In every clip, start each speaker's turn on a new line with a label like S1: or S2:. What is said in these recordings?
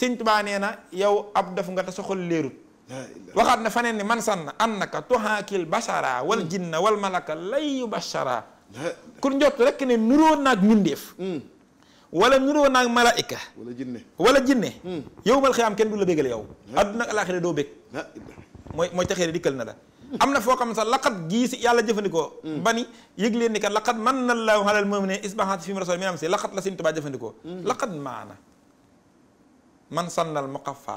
S1: sëñ tubaa nee na yow ab daf nga te soxal léerut waxaat na faneen ni man sann annaka tuhaakil bashara wal jinna wal malaka lay yu bashara ku njott rekk ne nuroo naag mbindéef wala nuroo naag malaika wala jinne wala jinne yow mal xiyaam kenn du la bégal yow adduna ak alaaxira doo bég mooy mooy taxee di dikkal na la am na foo xam ne sax laqat gii si yàlla jëfandikoo bani yëg leen ni kat laqat man na laahu alal mu'miniina isbaxaat fi mu rasul mi am si laqat la sëñ tubaa jëfandikoo laqat man sannal muqaffa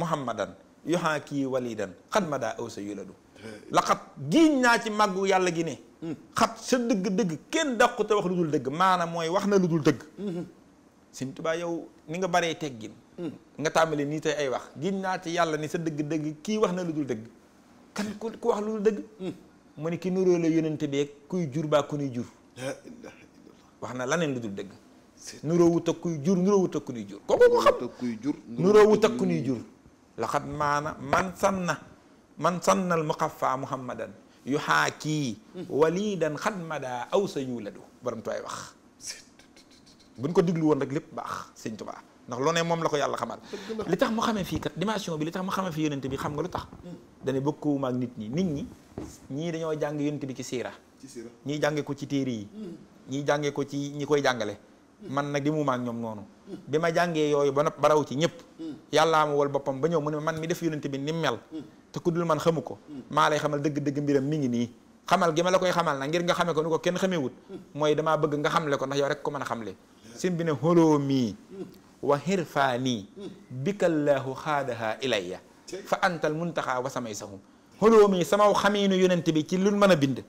S1: muhammadan yohaakii walidan xat ma daa aw sa yuladu laqat giiñ naa ci màggu yàlla gi ne xat sa dëgg-dëgg kenn dàqu te wax lu dul dëgg maanaam mooy wax na lu dul dëgg Sëñ Tuubaa yow ni nga baree teggin nga tàmbali nii tey ay wax giiñ naa ci yàlla ni sa dëgg-dëgg kii wax na lu dul dëgg kan ku ku wax lu dul dëgg mu ne ki nuróo la yónente beeg kuy jur baa ku nuy jur wax na laneen lu dul dëgg nuroo wut ak kuy jur nuroo wut ak ku ñuy jur kooku ko man nuroo wut ak ku ñuy jur laxat maana man sanna man sannal muqaffa muhammadan yu xaakii walidan xat madaa aw sa yuladu baram tuwaay wax buñ ko diglu woon rek lépp baax sëñ Tuubaa ndax loo ne moom la ko yàlla xamal li tax mu xamee fii kat dimension bi li tax mu xamee fii yonent bi xam nga lu tax dane bokkuwuma ak nit ñi nit ñi ñii dañoo jàng yonent bi ci siira ñii jànge ko ci téere yi mm. ñii jànge ko ci ñi koy jàngale man na di mu maak ñoom noonu bi ma jàngee yooyu ba nopp ba raw ci ñëpp yàllaa ma wal boppam ba ñëw mu ne man mi def yonent bi ni mel te ku dul man xamu ko maa lay xamal dëgg-dëgg mbiram mi ngi nii xamal gi ma la koy xamal na ngir nga xamee ko ni ko kenn xamewut mooy dama bëgg nga xamle ko ndax yow rek ko mën a xamle sim bi ne xoloo mii wa xirfaanii bikallaahu xaadaha ilayya fa antal taxaa wa samay saxum xoloo mii samaw xamiinu yonent bi ci lu mën a bind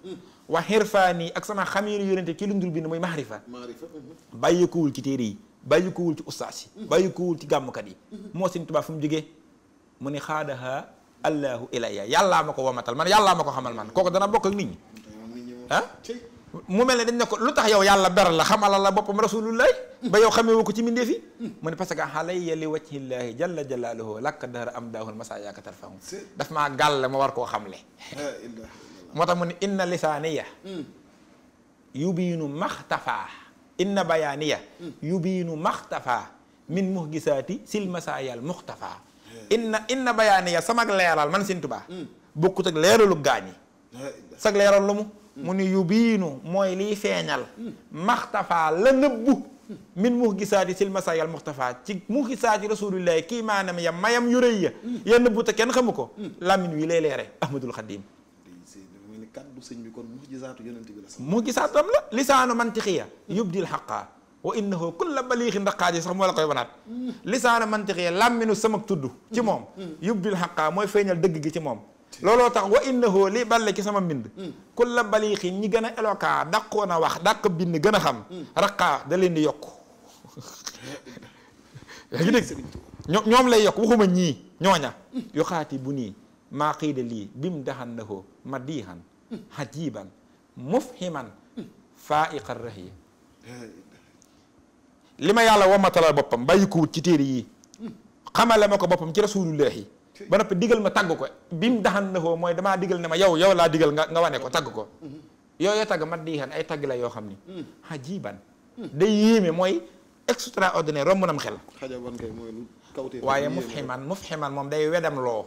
S1: wa xirfaani ak sama xamiir yonente ki lundul bind mooy mahrifa
S2: mhm.
S1: bàyyikuwul ci téere yi bàyyikuwul ci ustaas yi mhm. bàyyikuwul ci gàmmkat mhm. moo sëñ Tuubaa fu mu jógee mu ni xaadaha allahu ilayya yàllaa ma ko wamatal man yàllaa ma ko xamal man kooku dana bokk ak mu mel ne dañ ne ko lu tax yow yàlla beral la xamalal la boppam rasulullahi ba yow xamee wu ko ci mbindeef yi mu ne parce que alayya li wajhillahi jalla jalaaluhu lakka dara am daahul masaa yaakatar fahu daf maa gàll ma war koo xamle moo tax mu ne inna lisaaniya yubiinu maxtafaa inna bayaaniya yubiinu maxtafaa min mux gisaati silmasaayal muxtafaa inna inna bayaaniya samag leeral man Sëñ Tuubaa mm. bokkut ak leeralu gaañi sag leeral lu mu mm. mu ni yubiinu mooy liy feeñal mm. maxtafaa la nëbbu min mux gisaati silmasa yal ci mux gisaati rasulillahi kii maanam ya mayam yu rëy ya ya nëbbu te kenn xamu ko lamin wi lay leere ahmadul
S2: xadim kaddu sëñ bi kon mujisaatu yonent bi la sax
S1: mujisaatam la lisaanu mantiqiya yubdil xaqaa wa innahu kulla baliixin daqaaji sax moo la koy wanaat lisaanu mantiqiya làmminu samak tudd ci moom yubdil xaqaa mooy feeñal dëgg gi ci moom looloo tax wa innahu li balle ci sama mbind kulla baliixin ñi gën a éloquent dàqoon a wax dàq bind gën a xam raqaa da leen di yokk yaa ngi dégg ñoom lay yokk waxuma ñii ñooña yu xaati bu nii maa xiida lii bim daxan na ko ma diixan hajiban mufhiman faiqa rahiya li ma yàlla wamatalal boppam ba ko wut ci téere yi xamale ma ko boppam ci rasulullahi ba noppi digal ma tagg ko bi mu daxan na koo mooy damaa digal ne ma yow yow laa digal nga nga wane ko tagg ko yooyu tagg man diixan ay tagg la yoo xam ni hajiban da yéeme mooy extraordinaire romb nam xel waaye mufhiman mufhiman moom day wedam loo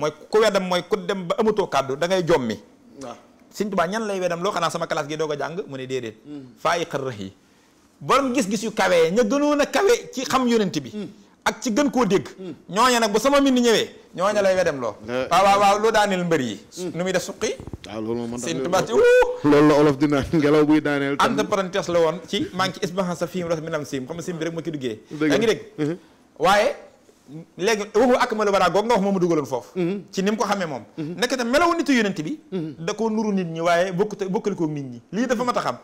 S1: mooy ku wedam mooy ku dem ba amatoo kàddu da ngay jommi waaw sëñ Tuubaa ñan lay weddam loo xanaa sama classe gi doog a jàng mu ne déedéet hmm. faayi xarrax yi borom gis-gis yu kawee ña kawe ci xam yonent bi hmm. ak ci gën koo dégg hmm. ñooña nag bu sama mbind ñëwee ñooña lay wedem loo
S2: eh. waaw waaw waaw
S1: loo daaneel mbër yi nu muy def suqi
S2: waaw ah, loolu moom sëñ Tuubaa ci la ngelaw buy daaneel entre
S1: la woon ci maa ngi ci isbahan sa fiim ras minam siim xam siim bi rek ma ci duggee yaa ngi dégg waaye léegi waxu ak malu bara goog nga wax moom mu dugaloon foofu mm-hmm. ci nim ko xamee moom mm-hmm. nekk te melawu nitu yonent bi mm-hmm. da koo nuru nit ñi waaye bokkut bokkalikoo nit ñi lii dafa mat a xam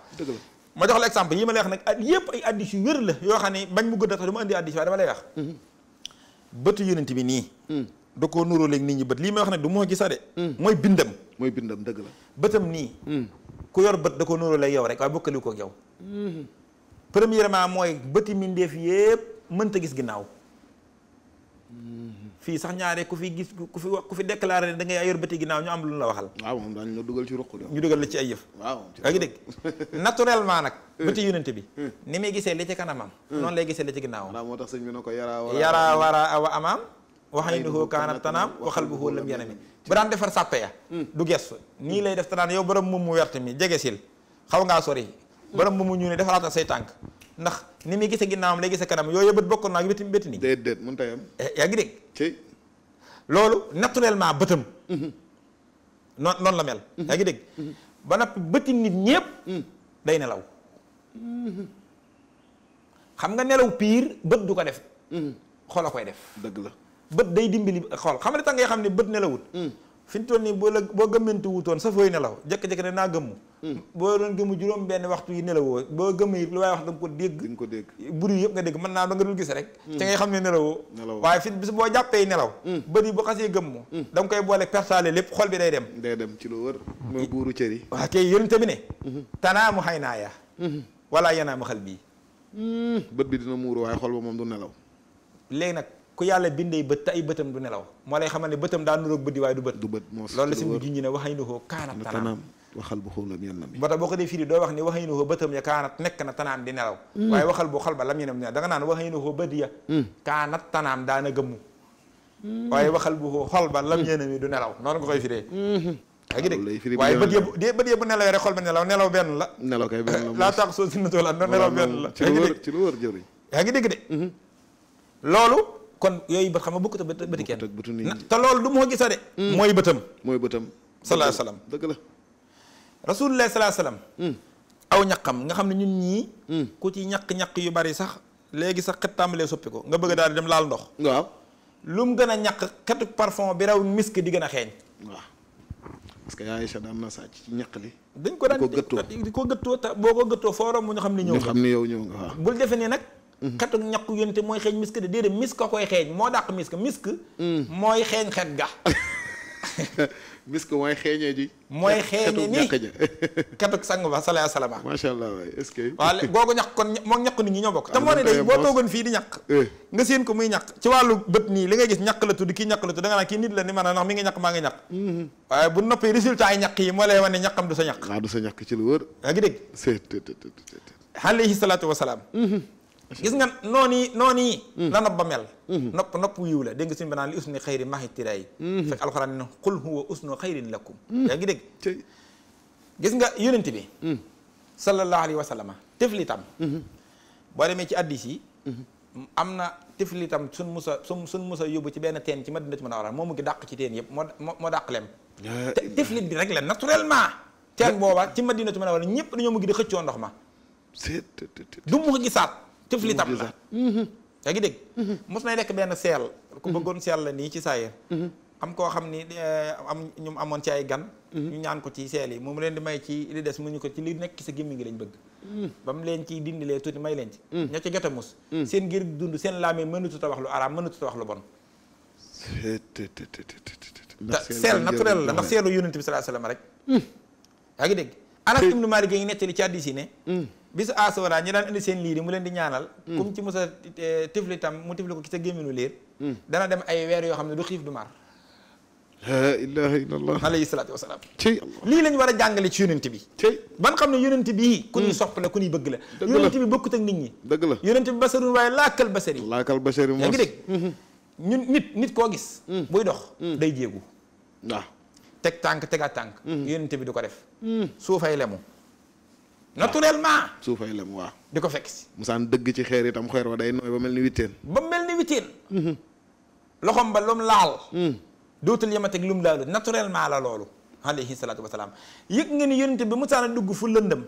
S1: ma jox la exemple yi ma lay wax nag yëpp ay addis yu wér la yoo xam ne bañ mu gëdd a tax du ma indi addis waaye dama lay wax bëtu yonent bi nii da koo nuroo léegi nit ñi bët lii may wax nag du moo gisa de mooy bindam mooy bindam dëgg la bëtam nii ku yor bët da koo nuroo léegi yow rek waaye bokkaliku ak yow premièrement mooy bëti mindeef yëpp mënta gis ginnaaw fii sax ñaaree ku fi gis ku fi wax ku fi déclaré ne da ngay yor bëti ginnaaw ñu am lu la waxal. waaw moom daañu la dugal ci ruq ñu dugal la ci ay yëf. waaw yaa ngi dégg naturellement nag. Hmm. bëti yonent bi. Hmm. ni muy gisee li ci kanamam. Hmm. noonu lay gisee li ci ginnaawam. waaw moo tax sëñ bi na ko yara wara yara wara awa amaam. waxañu du ko kaanat tanaam waxal bu xóolam yanami bu daan defar sàppe ya du gestu nii lay def te yow borom moom mu wert mi jege sil xaw ngaa sori borom moom mu ñu ne defaraata say tànk ndax ni muy gisee ginnaawam lay gisee kanam yooyu bët bokkoon naa ak bëti bëti nii. déedéet mënut a yem. Eh, yaa ngi dégg. ci loolu naturellement bëtam. Mm-hmm. noon noonu la mel. Mm-hmm. yaa ngi dégg. Mm-hmm. ba noppi bëti nit ñëpp. day nelaw. xam nga nelaw piir bët du ko def. xol a koy def. dëgg la bët day dimbali xol xam nga tax ngay xam ne bët nelawut. fi toll nii boo la boo gëmmanti wutoon sa fooy nelaw jëkk-jëkk ne naa gëmmu hmm. boo doon gëmmu juróom benn waxtu yi nelawoo boo gëmmee it lu waaye wax da nga ko dégg nga ko dégg buri yëpp nga dégg mën naa da nga dul gis rek ci hmm. ngay xam ne nelawoo waaye fi bis boo jàppee nelaw hmm. bëri bu xasee gëmmu da nga koy boole pertaale lépp xol bi day dem
S2: day dem ci lu wër mooy buuru cër yi
S1: waaw kay yonente bi ne
S2: tanaamu xay naaya wala yanaamu xal bii bët bi dina muuru waaye xol ba moom du nelaw
S1: léegi nag ku yàlla bindee bët te ay bëtam la si ne kaanat ba tax boo ko dee firi doo wax ne waxay na ko bëtam ya kaanat nekk na tanaam di nelaw mm. waaye waxal bu xal lam yenam da nga naan waxay na ko bët ya mm. mm. ba lam yenam yi du nelaw noonu nga koy firee mm-hmm.
S2: yaa ngi dégg waaye bët yëpp
S1: de bët yëpp bu nelawee rek la
S2: nelaw kay benn la laa tax
S1: la nelaw benn la ci lu mm-hmm. loolu kon yooyu bët xam nga bokkut ak bëti kenn te loolu du moo gisa de hmm. mooy bëtam mooy bëtam salaa salaam dëgg la rasulullah salaa salaam hmm. aw ñaqam nga xam ne ñun ñii hmm. ku ci ñaq-ñaq yu bari sax léegi sax xet tàmbalee soppi ko nga bëgg daal di dem laal ndox waaw lu mu gën a ñaq xetu parfum bi raw misk di gën a xeeñ
S2: waaw parce que yaay Aïcha daan na sàcc ci ñaq li dañ ko daan
S1: di ko gëttoo te boo ko gëttoo foo romb ñu xam ne ñëw nga xam yow ñëw nga waaw bul defe ni nag xetu ñàkk yonte mooy xeeñ misk de déedéet misk a koy xeeñ moo dàq misk misk mm. mooy xeeñ xet ga
S2: misk mooy xeeñee ji mooy xeeñe ni xetuk sang ba salaa salama macha allah waay est-ce
S1: que waaw googu ñàkk kon moom ñàkk nit ñi ñoo bokk te moo ne day boo toogoon fii di ñaq eh. nga séen ko muy ñaq ci wàllu bët nii li nga gis ñàkk la tudd ki ñàkk la tudd da nga naan kii nit la ni maanaam ndax mi ngi ñàkk maa ngi ñàkk mm-hmm. waaye bu noppee résultat yi ñàkk yi moo lay wane ñàkkam du sa ñàkk
S2: waaw ah, du sa ñàkk ci lu wër yaa ngi dégg
S1: alayhi salaatu wasalaam mm-hmm. gis nga noonu yi noonu yi la mm. nopp ba mel mm-hmm. nopp nopp yiw la dégg nga suñu banaan li usni xayri maaxi tiraay mm-hmm. fekk alxuraan ne qul huwa usnu xayrin lakum mm-hmm. yaa ngi dégg gis nga yonent bi mm. sallallahu alayhi wa sallama tiflitam boo demee ci addis yi am na tiflitam suñ musa suñ suñ musa yóbbu ci benn teen ci Madina ci mën a waral moo mu dàq ci teen yëpp moo moo moo dàq lem tiflit bi rek la naturellement teen booba ci Madina ci mën a waral ñëpp dañoo mu ngi di xëccoo ndox ma du mu ko gisaat tëflitam la mhm. yaa ngi dégg mhm. mos nay nekk benn seel ku mhm. bëggoon seel la nii ci saayir am koo xam ni eh, am ñu amoon ci ay gan ñu ñaan ko ci seel yi moom leen di may ci li des mu ñu ko ci li nekk ci sa gémmi ngi lañ bëgg ba mu leen ciy dindilee tuuti may leen ci ña ci jote mus seen ngir dund seen laame mënatut a wax lu araam mënatut a wax lu bon
S2: te seel naturel la ndax seelu
S1: yonent bi sallallahu alayhi wasallam rek yaa ngi dégg Anas ibnu Maalik ngi nettali ci bisu aasooraa ñi daan indi seen liir yi mu leen di ñaanal comme ci musa eh, tifli tam mu tifli ko ci sa gémminu liir mm. dana dem ay weer yoo xam ne du xiif du mar
S2: laa ilaha illallah alayhi
S1: salaatu wasalaam lii lañ war a jàngale ci yonent bi ban xam ne yonent bi ku ñuy mm. sopp la ku ñuy bëgg la yonent bi bokkut ak nit ñi dëgg la yonent bi basarun waaye laakal basari laakal basari yaa ngi dégg mm-hmm. ñun nit nit koo gis mm. buy dox day jéegu waaw teg tànk tegaat tànk yonent bi du ko def suufay lemu
S2: naturellement suufay lem waaw di ko fekk si musaan dëgg ci xeer tam xeer wa day nooy ba mel ni witteen
S1: ba mel ni witteen mhm. loxom ba lum laal mm. dootul yemateeg lum laalu naturellement la loolu alayhi salaatu wasalaam yëg nga ni yonente bi musaan a dugg fu lëndëm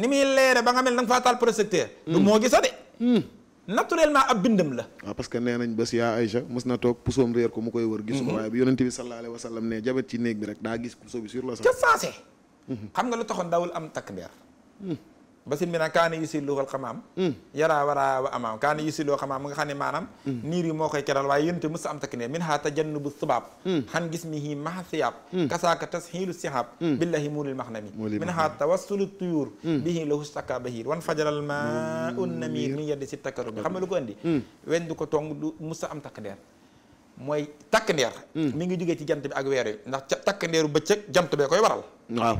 S1: ni muy leere ba nga mel na nga faa taal projecteur mm. du moo gisa de mm. naturellement ab bindam la
S2: waaw parce que nee nañ bés yaa Aïcha mos na toog pusoom réer ko mu koy wër gisu ko mm-hmm. waaye bi yonente bi sallallahu néeg bi rek daa gis puso bi la ca saase mm-hmm. am takk beer ba basin bi nag kaana
S1: yusilluhul xamaam mm. yaraa waraa wa amaam kaana yusilluhul xamaam mu nga xam ne maanaam mm. niir yi moo koy keral waaye yonte mos a am takk ne min haa tajannubu subaab mm. xan gis mi hi maha siyaab kasaaka tasxiilu sihaab billahi muulil maxnami min haa tawassulu tuyuur bihi lahu staka bahiir wan fajaral maa un namiir min yeddi si takkaru bi xam nga ko andi wen du ko tong du mos am takk ndeer mooy takk mi ngi jógee ci jant bi ak weer yi ndax takk ndeeru bëccëg jant bee koy waral waaw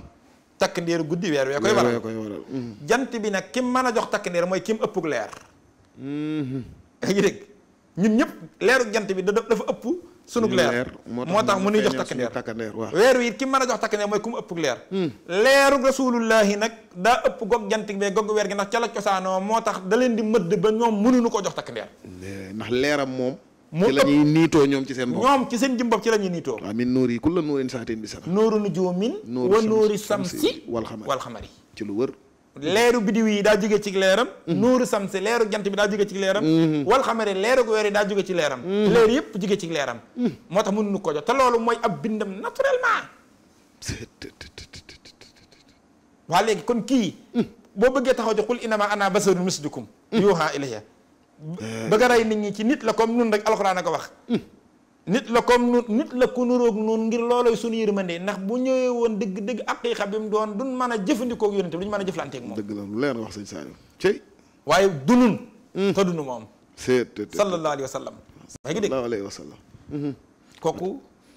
S1: takk ndeeru guddi weer wee koy waral mm. jant bi nag kim mën a jox takk ndeer mooy kim ëppug leer mm-hmm. yaa ngi ñun ñëpp leeru jant bi dafa ëpp sunug leer moo tax mu nuy jox
S2: takk ndeer weer
S1: wi it mën a jox takk mooy ku mu ëppug leer mm. leeru rasulullahi nag daa ëpp gog jant bi gog weer gi ndax ca la cosaanoo moo tax da leen di mëdd ba ñoom mënuñu koo jox takk
S2: ndeer ndax leeram moom
S1: moo la ñuy niitoo ñoom ci
S2: seen bopp ñoom ci seen ci la ñuy niitoo waaw min nuur yi ku la nuurin saatin bi sax nuuru nujoomin wa nuuri samsi wal xamari wal xamari ci lu wër leeru bidiw yi daa
S1: jóge ci leeram mhm. nuuru samsi leeru jant bi daa jóge ci leeram mhm. wal xamari leeru weer yi daa jóge ci leeram mhm. leer yëpp jóge ci leeram moo tax mënuñu ko jox te loolu mooy ab bindam naturellement waa léegi kon kii boo bëggee taxaw jox qul innamaa ana basarun mislukum yuuhaa ilayya bëgg a rey nit ñi ci nit la comme nun rek alxuraan a ko wax nit la comme nun nit la ku nuroog nun ngir looloy suñu yërmande ndax bu ñëwee woon dëgg dëgg aqiiqa bi mu doon ñu mën a jëfandikoo yonente bi ñu man a jëflanteeg moom
S2: dëgg la lu leer wax sëñ Saliou
S1: cey waaye dunun te hmm. dunu moom
S2: sallallahu alayhi wa sallam maa ngi dégg sallallahu alayhi wa sallam kooku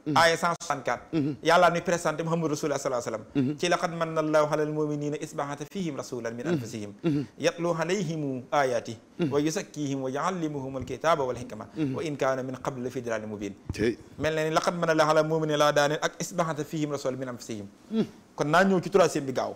S1: Mm-hmm. aaya 164 mm-hmm. yàlla nuy présenté Muhammad rasulullah sallallahu alayhi wa sallam mm-hmm. ci laqad manna allahu ala almuminina isbaxata fihim rasulan min anfusihim yatlu alayhim ayati wa yusakkihim wa yuallimuhum alkitaba walhikma wa in kaana min qabl la fi dalali mubin mel na ni laqad manna allahu ala almuminina laa daaneen ak isbaxata fihim rasulan min anfusihim mm. kon naa ñëw ci troisième bi gaaw